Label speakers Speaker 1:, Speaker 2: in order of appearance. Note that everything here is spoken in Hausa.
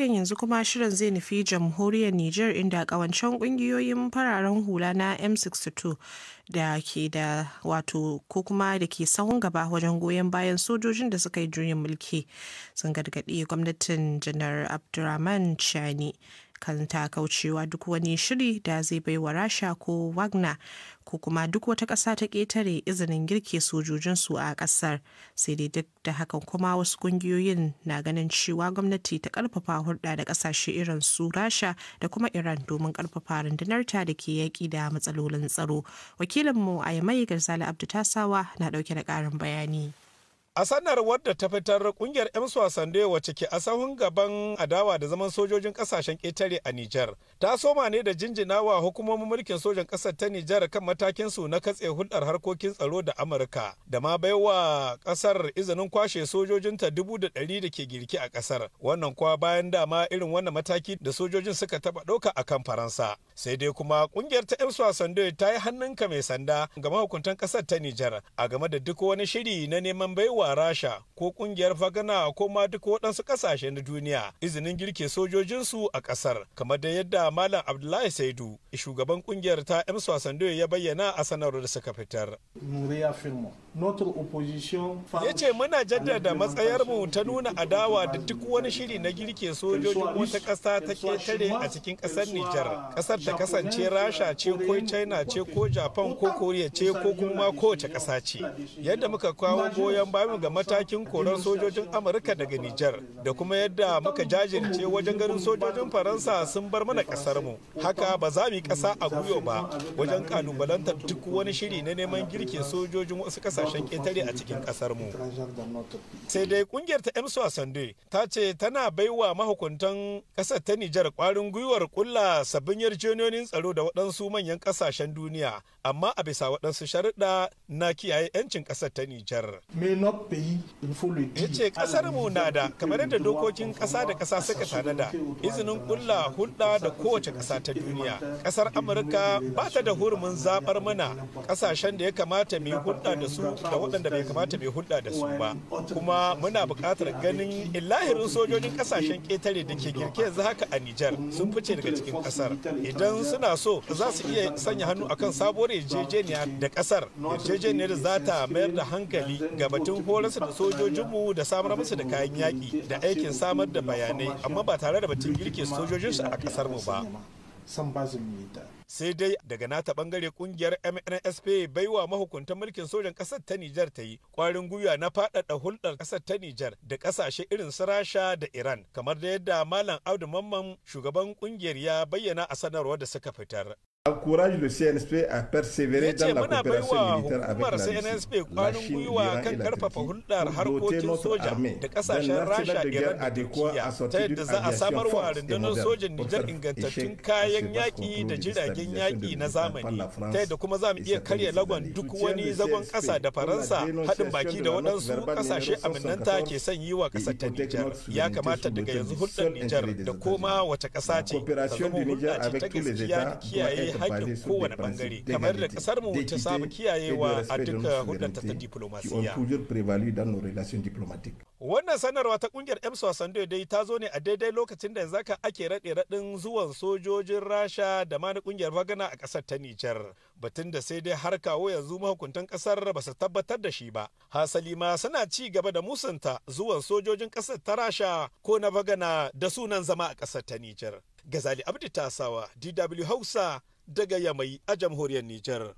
Speaker 1: Najeriya yanzu kuma shirin zai nufi jamhuriyar Nijar inda kawancen kungiyoyin fararen hula na M62 da ke da wato ko kuma da ke sahun gaba wajen goyon bayan sojojin da suka yi juyin mulki sun gargaɗi gwamnatin janar abdulrahman Chani kan ta kaucewa duk wani shiri da zai bai wa rasha ko wagner ko kuma duk wata ƙasa ta ƙetare izinin girke sojojinsu a ƙasar sai dai duk da hakan kuma wasu ƙungiyoyin na ganin cewa gwamnati ta ƙarfafa hulɗa da ƙasashe irin su rasha da kuma iran domin ƙarfafa rundunarta da ke yaƙi da matsalolin tsaro wakilinmu a yamai garzali abdu tasawa na ɗauke da ƙarin bayani
Speaker 2: a sanarwar da ta fitar kungiyar 'yan wasande wacce ke asahun gaban adawa da zaman sojojin kasashen ƙetare a Nijar. Ta soma ne da jinjinawa hukumomin mulkin sojan ƙasar ta Nijar kan matakin su na katse hulɗar harkokin tsaro da Amurka da ma baiwa ƙasar izinin kwashe sojojinta dubu da ɗari da ke girki a ƙasar. Wannan kuwa bayan dama irin wannan mataki da sojojin suka taɓa ɗauka a kan Faransa. sai dai kuma kungiyar ta emswa doyi ta yi hannun ka mai sanda ga mahukuntan kasar ta nijar a game da duk wani shiri na neman baiwa rasha ko kungiyar fagana ko ma duk waɗansu ƙasashe na duniya izinin girke sojojinsu a ƙasar kamar da yadda malam abdullahi saidu shugaban kungiyar ta emswa doyi ya bayyana a sanarwar da suka fitar ya ce muna jaddada matsayar mu ta nuna adawa da duk wani shiri na girke sojojin wata ƙasa ta ketare a cikin ƙasar nijar ƙasar ta kasance rasha ce ko china ce ko japan ko koriya ce ko kuma kowace ƙasa ce yadda muka kawo goyon bayan ga matakin korar sojojin amurka daga nijar da kuma yadda muka jajirce wajen ganin sojojin faransa sun bar mana ƙasar mu haka ba za mu yi kasa a guyo ba wajen kalubalantar duk wani shiri na neman girkin sojojin wasu kasashen ketare a cikin ƙasar mu sai dai kungiyar ta emsu sande ta ce tana baiwa mahukuntan kasar ta nijar kwarin gwiwar kulla sabbin yarjejeniyoyi hanyoyin tsaro da waɗansu manyan ƙasashen duniya amma a bisa waɗansu sharuɗa na kiyaye 'yancin ƙasar ta Nijar. yace kasar ƙasar mu na da kamar yadda dokokin ƙasa da ƙasa suka tanada izinin ƙulla hulɗa da kowace ƙasa ta duniya. Ƙasar Amurka ba ta da hurumin zaɓar mana ƙasashen da ya kamata mai hulɗa da su da waɗanda bai kamata mu yi hulɗa da su ba. Kuma muna buƙatar ganin illahirin sojojin ƙasashen ƙetare da ke girke yanzu haka a Nijar sun fice daga cikin ƙasar. idan suna so za su iya sanya hannu akan sabuwar yarjejeniya da kasar yarjejeniyar za ta mayar da hankali ga batun horarsa da sojojinmu da samar musu da kayan yaƙi da aikin samar da bayanai amma ba tare da batun girke sojojinsu a kasar mu ba san sai dai daga nata bangare kungiyar mnsp baiwa mahukuntar mulkin sojan kasar ta nijar ta yi kwarin gwiwa na fadada hulɗar kasar ta nijar da kasashe irin su rasha da iran kamar da yadda malam audu mamman shugaban kungiyar ya bayyana a sanarwar da suka fitar encourage le CNSP à persévérer dans la coopération militaire avec la Russie. la Chine, l'Iran et la Turquie ont doté notre armée d'un arsenal de guerre adéquat à sortir d'une aviation forte et moderne pour faire échec à ce vaste de de par la France et sa coalition du soutien du CNSP pour la dénonciation de la verbale de 1974 sur le seul intérêt une interdiction La coopération du Niger avec tous les États doit être kiyaye haƙƙin kowane bangare kamar da kasar mu ta saba kiyayewa a duka hudanta ta diplomasiya. Wannan sanarwa ta kungiyar yan Sando dai ta zo ne a daidai lokacin da zaka ake raɗe raɗin zuwan sojojin Rasha da ma na kungiyar Wagana a ƙasar ta Nijar. Batun da sai dai har kawo yanzu mahukuntan ƙasar ba su tabbatar da shi ba. Hasali ma suna ci gaba da musanta zuwan sojojin ƙasar ta Rasha ko na bagana da sunan zama a ƙasar ta Nijar. Gazali Abdi Tasawa, DW Hausa, daga Yamai a jamhuriyar Nijar.